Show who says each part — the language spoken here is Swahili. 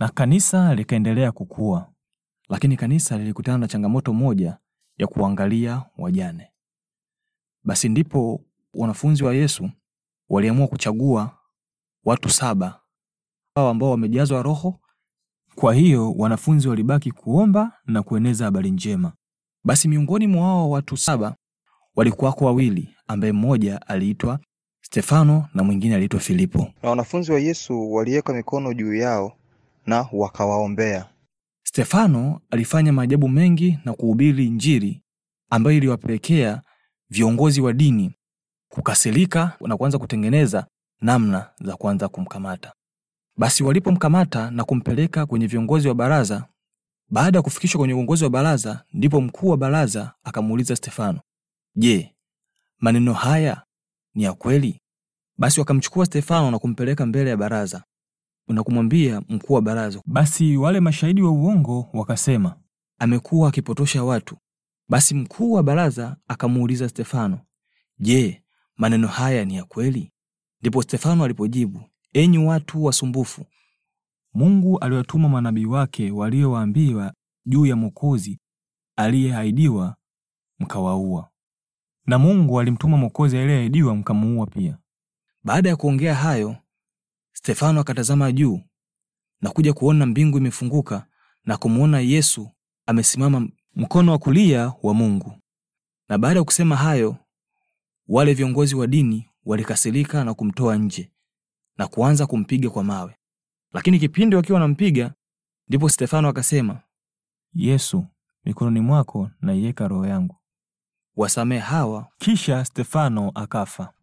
Speaker 1: na kanisa likaendelea kukua. Lakini kanisa lilikutana na changamoto moja ya kuangalia wajane. Basi ndipo wanafunzi wa Yesu waliamua kuchagua watu saba hao ambao wamejazwa Roho. Kwa hiyo wanafunzi walibaki kuomba na kueneza habari njema. Basi miongoni mwa hao watu saba walikuwako wawili, ambaye mmoja aliitwa Stefano na mwingine aliitwa Filipo.
Speaker 2: Na wanafunzi wa Yesu waliweka mikono juu yao na wakawaombea.
Speaker 1: Stefano
Speaker 2: alifanya maajabu mengi na
Speaker 1: kuhubiri Injili ambayo iliwapelekea viongozi wa dini kukasirika na kuanza kutengeneza namna za kuanza kumkamata. Basi walipomkamata na kumpeleka kwenye viongozi wa baraza, baada ya kufikishwa kwenye uongozi wa baraza, ndipo mkuu wa baraza akamuuliza Stefano, je, maneno haya ni ya kweli? Basi wakamchukua Stefano na kumpeleka mbele ya baraza na kumwambia mkuu wa baraza. Basi wale mashahidi wa uongo wakasema, amekuwa akipotosha watu. Basi mkuu wa baraza akamuuliza Stefano, je, maneno haya ni ya kweli? Ndipo Stefano alipojibu, enyi watu wasumbufu, Mungu aliwatuma manabii wake waliowaambiwa juu ya Mwokozi aliyeahidiwa, mkawaua, na Mungu alimtuma Mwokozi aliyeahidiwa mkamuua pia. Baada ya kuongea hayo Stefano akatazama juu na kuja kuona mbingu imefunguka na kumwona Yesu amesimama mkono wa kulia wa Mungu. Na baada ya kusema hayo, wale viongozi wa dini walikasirika na kumtoa nje na kuanza kumpiga kwa mawe. Lakini kipindi wakiwa wanampiga, ndipo Stefano akasema, Yesu, mikononi mwako naiweka roho yangu, wasamehe hawa. Kisha Stefano akafa.